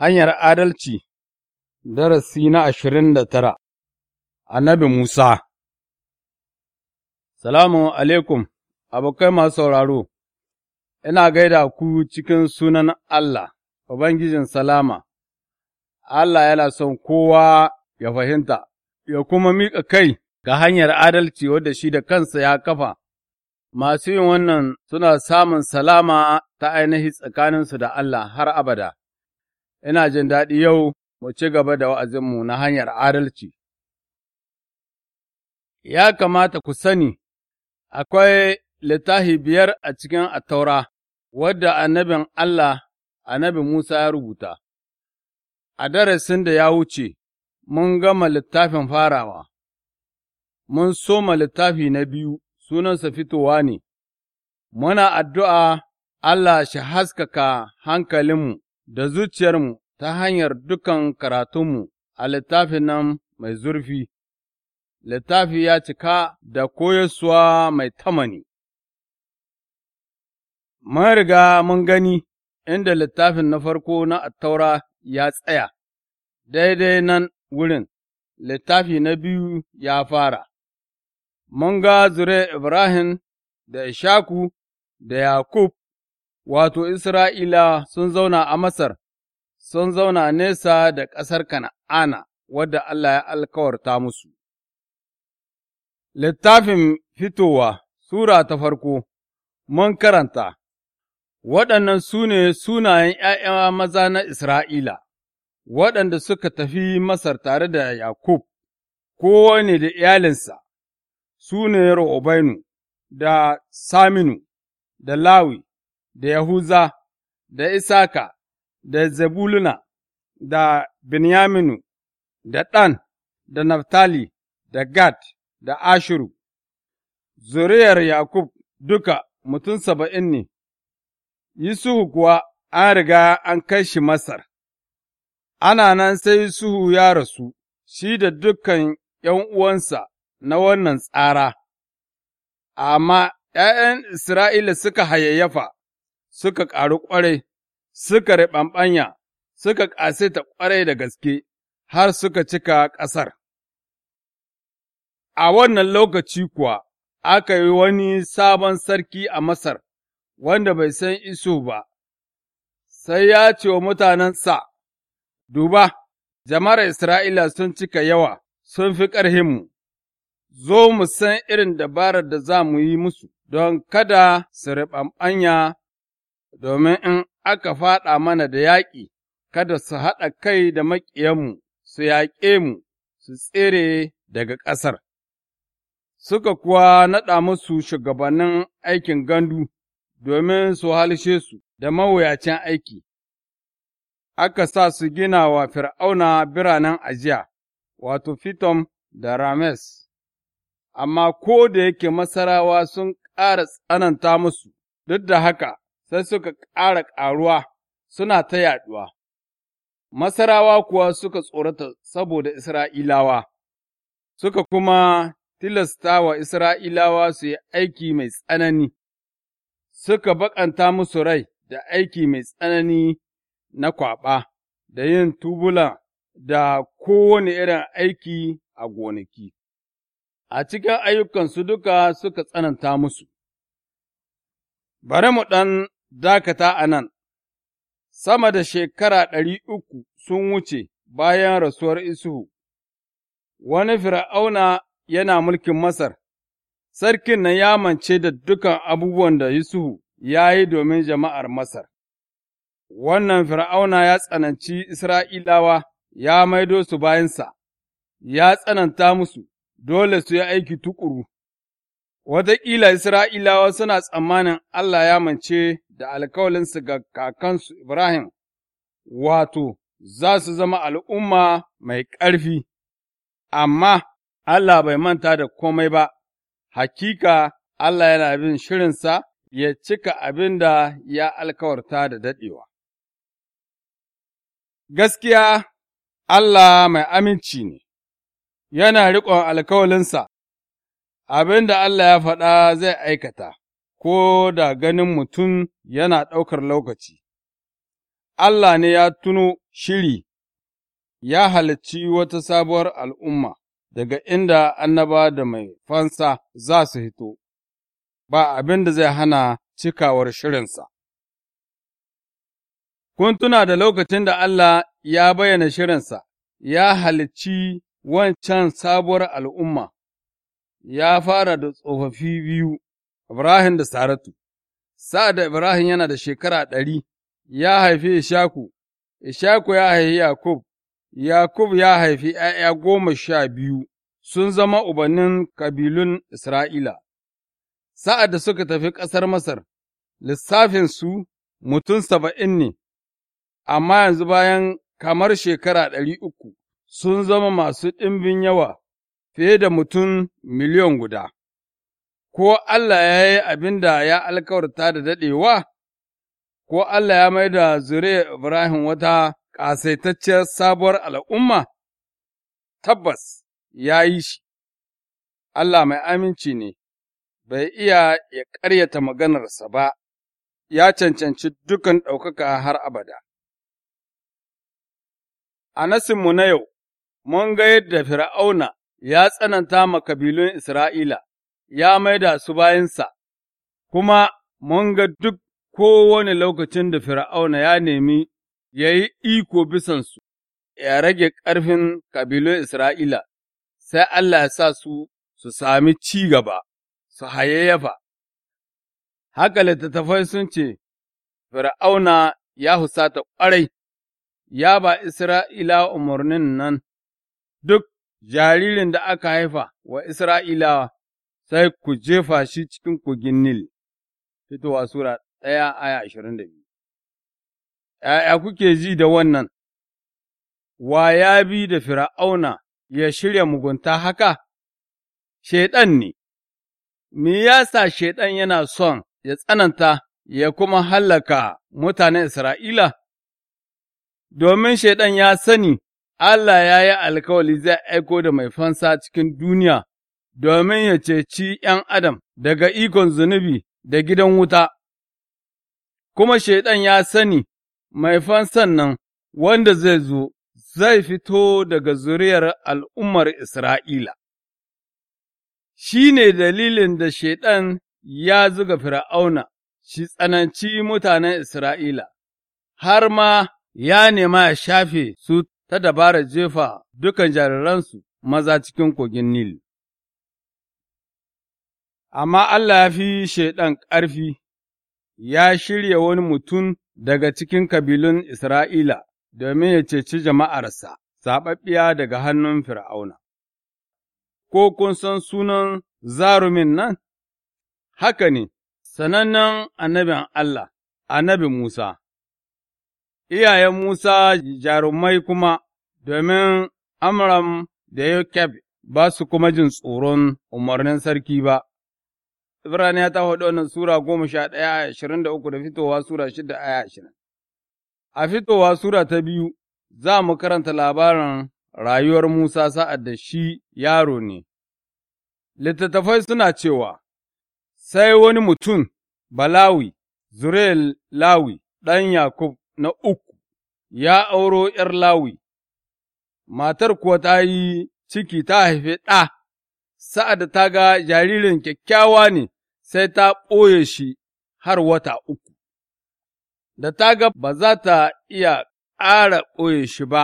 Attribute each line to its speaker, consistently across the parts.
Speaker 1: Hanyar Adalci Darasi na ashirin da tara Annabi Musa Salamu alaikum, abokai masu sauraro, ina gaida ku cikin sunan Allah, Ubangijin Salama, Allah yana son kowa ya fahimta, ya kuma miƙa kai ga hanyar adalci wadda shi da kansa ya kafa, masu yin wannan suna samun salama ta ainihi tsakaninsu da Allah har abada. ina jin daɗi yau mu ci gaba da wa'azinmu na hanyar adalci. Ya kamata ku sani, akwai littafi biyar a cikin attaura, wadda annabin Allah, annabi Musa ya rubuta, a darasin da ya wuce, mun gama littafin farawa, mun soma littafi na biyu, sunansa fitowa ne, muna addu'a Allah shi haskaka hankalinmu da zuciyarmu ta hanyar dukan karatunmu a littafin nan mai zurfi, littafi ya cika da koyaswa mai tamani. Mun riga mun gani inda littafin na farko na attaura ya tsaya, daidai nan wurin, littafi na biyu ya fara. Mun ga zure Ibrahim da Ishaku da Yakub, wato Isra'ila sun zauna a Masar sun zauna nesa da ƙasar Kana'ana, wadda Allah ya alkawarta musu. Littafin fitowa Sura ta farko, mun karanta, waɗannan su ne sunayen ’ya'ya maza na Isra'ila, waɗanda suka tafi Masar tare da Yakub, kowane da iyalinsa, su ne Ro'obainu, da Saminu, da Lawi, da Yahuza, da Isaka, da Zebuluna, da benyaminu da ɗan, da Naftali, da Gad, da Ashuru, zuriyar Yakub duka mutum saba'in ne, Yusufu kuwa an riga an kai shi Masar, ana nan sai Yusufu ya rasu, shi da dukan ’yan uwansa na wannan tsara, amma ’ya'yan Isra'ila suka hayayyafa, suka ƙaru ƙwarai. suka riɓanɓanya, suka ƙase ta ƙwarai da gaske, har suka cika ƙasar. A wannan lokaci kuwa aka yi wani sabon sarki a Masar, wanda bai san iso ba, sai ya ce wa mutanensa, Duba, jama'ar Isra'ila sun cika yawa, sun fi ƙarhinmu, zo mu san irin dabarar da za mu yi musu, don kada su riɓanɓanya, domin in aka faɗa mana da yaƙi, kada su haɗa kai da maƙiyanmu, su yaƙe mu, su tsere daga ƙasar. Suka kuwa naɗa musu shugabannin aikin gandu domin su halshe su da mawuyacin aiki, aka sa su gina wa Fir'auna biranen ajiya, wato Fitom da Rames, amma ko da yake Masarawa sun ƙara tsananta musu, duk da haka sai suka ƙara ƙaruwa suna ta yaɗuwa. Masarawa kuwa suka tsorata saboda Isra'ilawa, suka kuma tilasta wa Isra'ilawa su yi aiki mai tsanani, suka baƙanta musu rai da aiki mai tsanani na kwaɓa, da yin tubula da kowane irin aiki a gonaki. A cikin ayyukansu duka suka tsananta musu. Bari mu ɗan dakata a nan, sama da shekara ɗari uku sun wuce bayan rasuwar Isuhu, wani fir'auna yana mulkin Masar, sarkin nan ya mance da dukan abubuwan da Isuhu ya yi domin jama'ar Masar. Wannan fir'auna ya tsananci Isra'ilawa, ya maido su bayansa, ya tsananta musu, dole su yi aiki tuƙuru. Wataƙila Isra'ilawa suna tsammanin Allah ya mance da alkawalinsu ga kakansu Ibrahim, wato, za su zama al'umma mai ƙarfi, amma Allah bai manta da komai ba, hakika Allah yana bin shirinsa ya cika abin da ya alkawarta da daɗewa. Gaskiya Allah mai aminci ne, yana riƙon alkawalinsa, abin da Allah ya faɗa zai aikata. ko da ganin mutum yana ɗaukar lokaci. Allah ne ya tuno shiri, ya halicci wata sabuwar al'umma daga inda annaba da mai fansa za su hito, ba abin da zai hana cikawar shirinsa. Kun tuna da lokacin da Allah ya bayyana shirinsa, ya halicci wancan sabuwar al'umma, ya fara da tsofaffi biyu, Ibrahim da Saratu. Sa'ad da Ibrahim yana da shekara ɗari, ya haifi Ishaku, Ishaku ya haifi Yakub, Yakub ya haifi ’ya'ya goma sha biyu, sun zama ubannin kabilun Isra'ila. Sa'ad da suka tafi ƙasar Masar, lissafinsu mutum saba'in ne, amma yanzu bayan kamar shekara ɗari uku sun zama masu ɗimbin yawa fiye da mutum miliyon guda. ko Allah ya yi abin da ya alkawarta da daɗewa, ko Allah ya mai da zure Ibrahim wata ƙasaitacciyar sabuwar al'umma, tabbas ya yi shi, Allah mai aminci ne, bai iya ya ƙaryata maganarsa ba, ya cancanci dukan ɗaukaka har abada. A nasinmu na yau, mun ga yadda Fir'auna ya tsananta ma kabilun Isra'ila. ya maida su bayansa, kuma mun ga duk kowane lokacin da Fir'auna ya nemi ya yi iko bisansu, ya rage ƙarfin kabilun Isra'ila, sai Allah ya sa su su sami ci gaba, su hayayyafa. Haka littattafai sun ce, Fir'auna ya husata ƙwarai, ya ba Isra'ila umarnin nan, duk jaririn da aka haifa wa Isra'ilawa sai ku jefa shi cikin kogin Nil, fitowa Sura ɗaya aya ashirin da biyu. ‘Ya'ya kuke ji da wannan, wa ya bi da Fir'auna ya shirya mugunta haka, Shaiɗan ne, me ya sa Shaiɗan yana son ya tsananta ya kuma hallaka mutanen Isra'ila? Domin Shaiɗan ya sani Allah ya yi alkawali zai aiko da mai fansa cikin duniya domin ya ceci ’yan adam daga ikon zunubi da gidan wuta, kuma Shaiɗan ya sani mai fansan nan wanda zai zo zai fito daga zuriyar al'ummar Isra'ila. Shi ne dalilin da Shaiɗan ya zuga Fir'auna, shi tsananci mutanen Isra'ila, har ma ya nema ya shafe su ta dabarar jefa dukan jariransu maza cikin kogin Nil. amma Allah ya fi Shaiɗan ƙarfi, ya shirya wani mutum daga cikin kabilun Isra'ila domin ya ceci jama'arsa, zaɓaɓɓiya daga hannun Fir'auna. Ko kun san sunan zarumin nan? Haka ne, sanannen annabin Allah, annabi Musa, iyayen Musa jarumai kuma domin Amram da Yokeb ba su kuma jin tsoron umarnin sarki ba. ya ta da wannan Sura goma sha ɗaya a ashirin da uku da fitowa Sura shida a ashirin. A fitowa Sura ta biyu za mu karanta labarin rayuwar Musa sa'ad da shi yaro ne. Littattafai suna cewa, Sai wani mutum, Balawi, Zurel Lawi, ɗan Yakub na uku, ya auro ’yar Lawi, matar kuwa ta yi ciki ta haife ɗa. sa'ad da ta ga jaririn kyakkyawa ne, sai ta ɓoye shi har wata uku, da ta ga ba za ta iya ƙara ɓoye shi ba,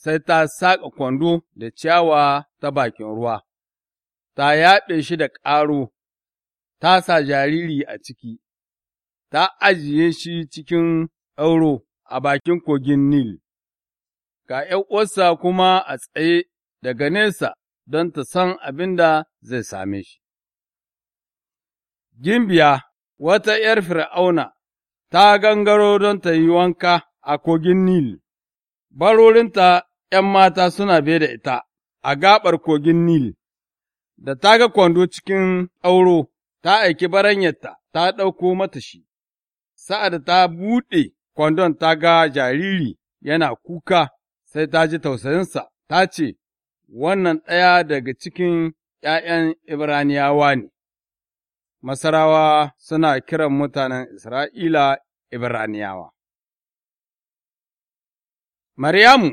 Speaker 1: sai ta saƙa kwando da ciyawa ta bakin ruwa, ta yaɗe shi da ƙaro, ta sa jariri a ciki, ta ajiye shi cikin ɗauro a bakin kogin Nil, ga uwarsa kuma a tsaye daga nesa don ta san abin da zai same shi. gimbiya, wata ’yar Fir'auna, ta gangaro don ta yi wanka a kogin Nil, barorinta ’yan mata suna be da ita a gaɓar kogin Nil, da ta ga kwando cikin ɗauro, ta aiki baranyarta ta ɗauko mata shi, sa'ad da ta buɗe kwandon ta ga jariri yana kuka, sai ta ji tausayinsa, ta ce, Wannan ɗaya daga cikin ’ya'yan Ibraniyawa ne. Masarawa suna kiran mutanen Isra'ila Ibraniyawa. Maryamu,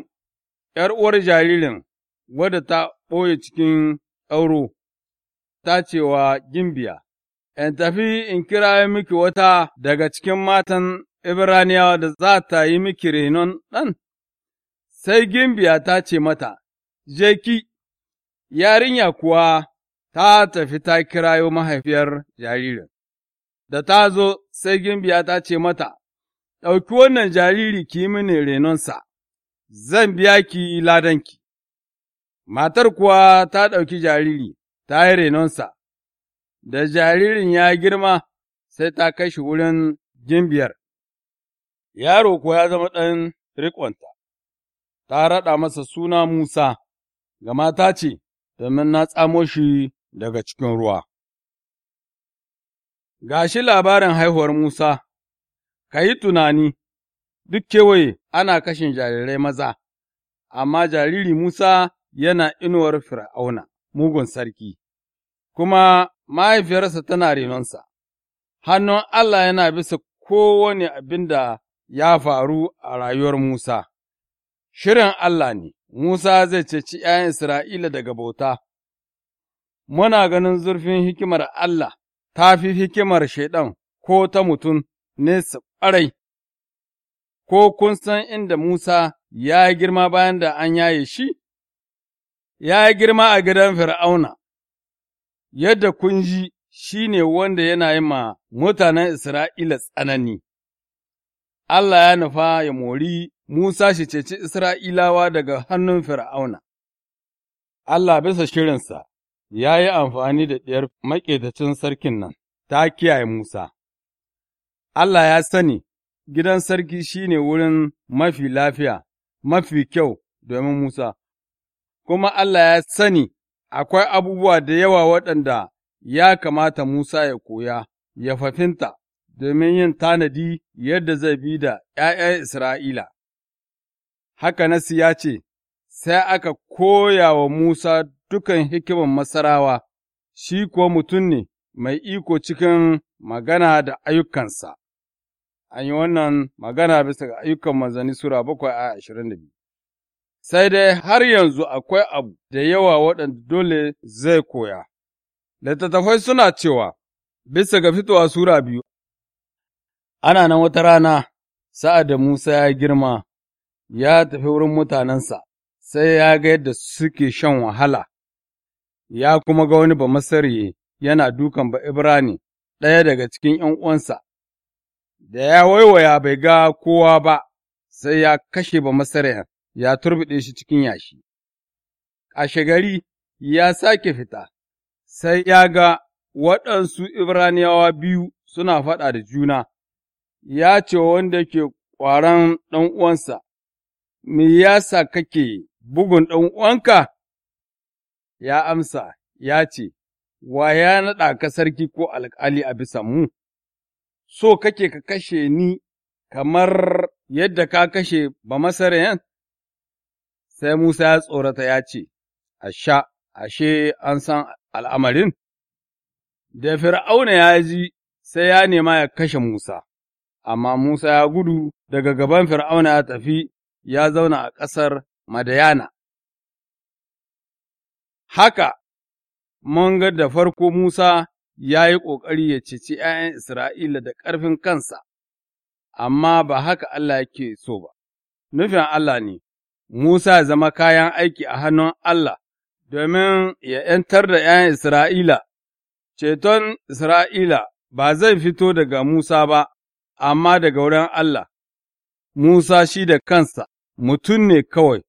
Speaker 1: ’yar uwar jaririn, wadda ta ɓoye cikin ɗauro, ta ce wa Gimbiya, In tafi in kira miki wata daga cikin matan Ibraniyawa da za ta yi miki renon ɗan? Sai Gimbiya ta ce mata, jeki, yarinya kuwa ta tafi ta kirayo mahaifiyar jaririn, da ta zo sai gimbiya ta ce mata, Ɗauki wannan jariri ki mini renonsa, zan biya ki ladanki. Matar kuwa ta ɗauki jariri, ta yi renonsa, da jaririn ya girma sai ta kai shi wurin gimbiyar, yaro kuwa ya zama ɗan riƙonta, ta raɗa masa suna Musa, gama ta ce, domin na tsamo shi daga cikin ruwa. Ga shi labarin haihuwar Musa, ka yi tunani, duk kewaye ana kashin jarirai maza, amma jariri Musa yana inuwar Fir'auna, mugun sarki, kuma mahaifiyarsa tana renonsa, hannun Allah yana bisa kowane abin da ya faru a rayuwar Musa. Shirin Allah ne, Musa zai ceci ’ya'yan Isra'ila daga bauta, muna ganin zurfin hikimar Allah ta fi hikimar Shaiɗan ko ta mutum nesa ƙwarai, ko kun san inda Musa ya yi girma bayan da an yaye shi? Ya yi girma a gidan Fir'auna, yadda kun ji shi ne wanda yana yi ma mutanen Isra'ila tsanani. Allah ya nufa ya mori Musa shi ceci Isra'ilawa daga hannun Fir'auna. Allah bisa shirinsa ya yi amfani da ɗiyar maƙetacin sarkin nan, ta kiyaye Musa. Allah ya sani, gidan sarki shi ne wurin mafi lafiya, mafi kyau domin Musa, kuma Allah ya sani akwai abubuwa da yawa waɗanda ya kamata Musa ya koya, ya fafinta, domin yin tanadi yadda zai bi da ’ya'yan Isra'ila. Haka Nasi ya ce, Sai aka koya wa Musa dukan hikiman masarawa, shi kuwa mutum ne mai iko cikin magana da ayyukansa. An yi wannan magana bisa ga ayyukan manzanni Sura bakwai a ashirin da biyu. Sai dai har yanzu akwai abu da yawa waɗanda dole zai koya. Littattafai suna cewa, bisa ga fitowa Sura biyu, ana nan wata rana, sa'ad da Musa ya girma, ya tafi wurin mutanensa, sai ya ga yadda suke shan wahala ya kuma ga wani bamasare yana dukan ba Ibrani, ɗaya daga cikin ’yan uwansa, da ya waiwaya bai ga kowa ba, sai ya kashe bamasaren ya turbiɗe shi cikin yashi. A shagari ya sake fita, sai ya ga waɗansu Ibraniyawa biyu suna faɗa da juna, ya ce wanda ke ƙwaron uwansa, Me ya sa kake bugun uwanka? ya amsa, ya ce, Wa ya naɗa ka sarki ko alƙali a bisa mu, so kake ka kashe ni kamar yadda ka kashe ba masarayan? Sai Musa ya tsorata ya ce, Asha, ashe an san al'amarin? Da Fir'auna ya ji sai ya nema ya kashe Musa, amma Musa ya gudu daga gaban Fir'auna ya tafi ya zauna a ƙasar Madayana. Haka, mun ga da farko Musa ya yi ƙoƙari ya ceci ’ya'yan Isra'ila da ƙarfin kansa, amma ba haka Allah yake so ba, nufin Allah ne, Musa ya zama kayan aiki a hannun Allah domin ya ’yantar da ’ya'yan Isra'ila, ceton Isra'ila ba zai fito daga Musa ba, amma daga wurin Allah, Musa shi da kansa mutum ne kawai,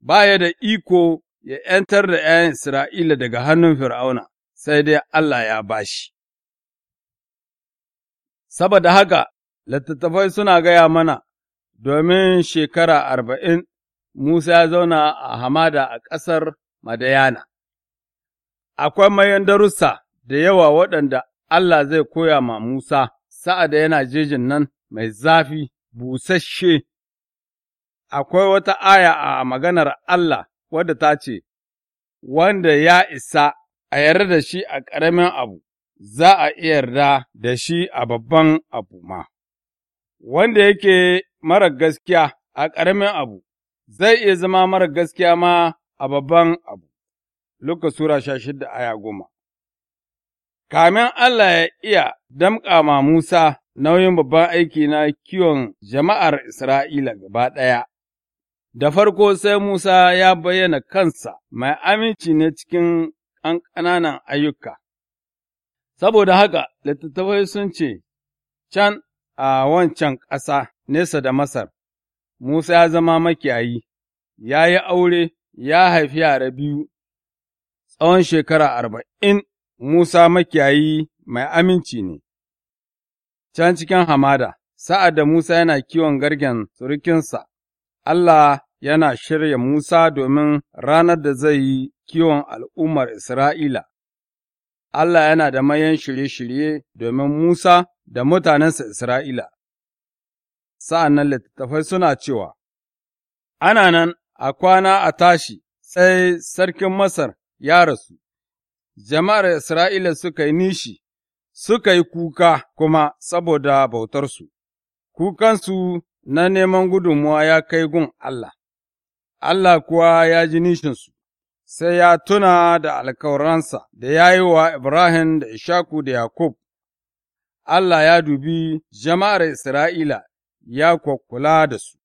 Speaker 1: ba ya da iko ya ’yantar da ’ya'yan Isra'ila daga hannun Fir'auna, sai dai Allah ya bashi. Saboda haka, littattafai suna gaya mana, domin shekara arba'in Musa ya zauna a hamada a ƙasar Madayana. Akwai mayan darussa da yawa waɗanda Allah zai koya ma Musa sa'ad yana jejin nan mai zafi, busasshe. Akwai wata aya a maganar Allah wadda ta ce, Wanda ya isa a yarda da shi a ƙaramin abu, za a iya yarda da shi a babban abu ma, wanda yake mara gaskiya a ƙaramin abu, zai iya zama mara gaskiya ma a babban abu. Luka Sura sha shida aya goma Kamin Allah ya iya damƙama Musa nauyin babban aiki na kiwon jama'ar Isra'ila gaba ɗaya, Da farko sai Musa ya bayyana kansa mai aminci ne cikin ƙanƙananan ƙananan ayyuka, saboda haka littattafai sun ce, Can a wancan ƙasa nesa da Masar, Musa ya zama makiyayi, ya yi aure, ya haifi yara biyu, tsawon shekara arba'in Musa makiyayi mai aminci ne. Can cikin hamada, sa'ad da Musa yana kiwon gargen surukinsa, Allah yana shirya Musa domin ranar da zai yi kiwon al'ummar Isra'ila. Allah yana da mayan shirye-shirye domin Musa da mutanensa Isra'ila. Sa'an nan littattafai suna cewa, Ana nan a kwana a tashi sai sarkin Masar ya rasu, jama'ar Isra'ila suka yi nishi, suka yi kuka kuma saboda bautarsu, kukansu na neman gudunmuwa ya kai gun Allah. Allah kuwa ya ji nishinsu, sai ya tuna da alkawaransa da ya yi wa Ibrahim da Ishaku da Yakub. Allah ya dubi jama'ar Isra'ila ya kwakula da su.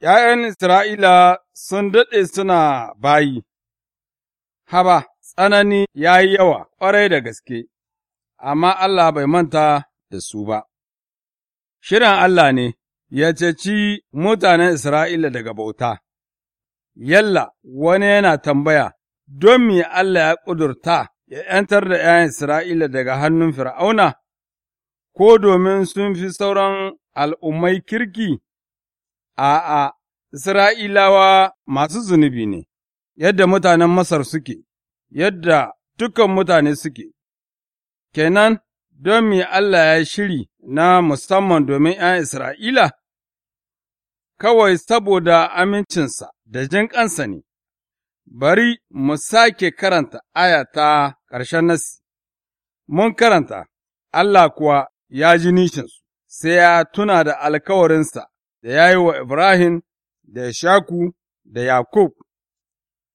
Speaker 1: ’Ya'yan Isra'ila sun daɗe suna bayi, haba, tsanani ya yi yawa ƙwarai da gaske, amma Allah bai manta da su ba. Shirin Allah ne, ya ceci mutanen Isra'ila daga bauta. Yalla, wani yana tambaya, don me Allah ya ƙudurta ya ’yantar da ’ya'yan Isra'ila daga hannun Fir'auna, ko domin sun fi sauran al'ummai kirki? A'a, Isra'ilawa masu zunubi ne, yadda mutanen Masar suke, yadda dukan mutane suke, kenan don me Allah ya shiri na musamman domin ’yan Isra'ila? Kawai saboda amincinsa da jinƙansa ne, bari mu sake karanta aya ƙarshen nasi, mun karanta, Allah kuwa ya ji nishinsu, sai ya tuna da alkawarinsa da ya yi wa Ibrahim da Ishaku da Yakub.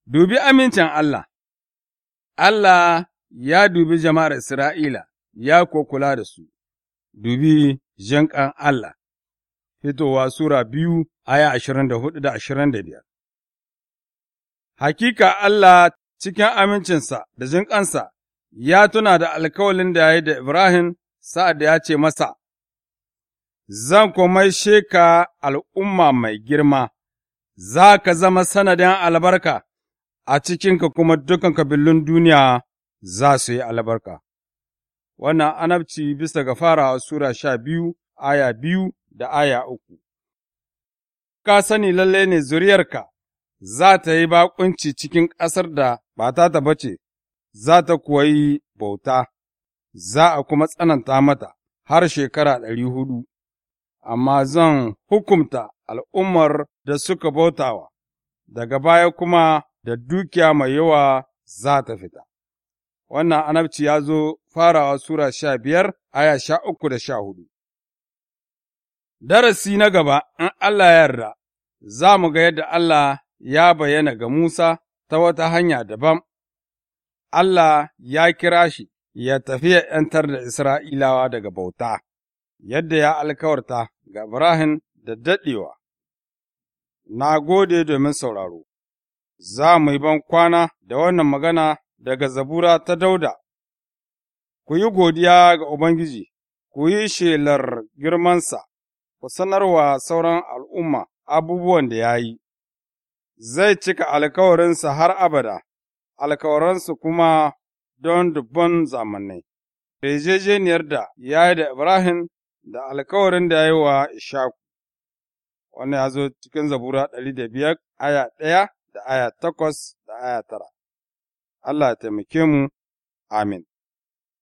Speaker 1: Dubi amincin Allah, Allah ya dubi jama'ar Isra'ila. ya ko kula da su, dubi jinƙan Allah, fitowa Sura biyu aya ashirin da hudu da ashirin da biyar. Hakika Allah cikin amincinsa da jinƙansa ya tuna da alkawalin da ya yi da Ibrahim sa'ad da ya ce masa, Zan kuma sheka al'umma mai girma, za ka zama sanadin albarka, a cikinka kuma dukan kabilun duniya za su yi albarka. wannan anabci bisa ga farawa Sura sha biyu, aya biyu da aya uku. Ka sani lalle ne zuriyarka za ta yi baƙunci cikin ƙasar da ba ta ta bace, za ta kuwa yi bauta, za a kuma tsananta mata har shekara ɗari hudu, amma zan hukumta al'ummar da suka bautawa, daga baya kuma da dukiya mai yawa za ta fita. wannan anabci ya zo farawa Sura sha biyar, aya sha uku da sha hudu. Darasi na gaba, in Allah yarda, za mu ga yadda Allah ya bayyana ga Musa ta wata hanya daban, Allah ya kira shi ya tafi ya ’yantar da Isra'ilawa daga bauta, yadda ya alkawarta ga Ibrahim da daɗewa. Na gode domin sauraro, za mu yi ban kwana da wannan magana daga zabura ta dauda, ku yi godiya ga Ubangiji, ku yi shelar girmansa, ku sanarwa sauran al'umma abubuwan da ya yi, zai cika alkawarinsa har abada, alkawarinsa kuma don dubban zamanai, yarjejeniyar da ya yi da Ibrahim da alkawarin da ya yi wa Ishaku. Wannan ya zo cikin zabura ɗari da biyar, aya ɗaya da aya takwas da aya tara. Allah ya taimake mu, amin.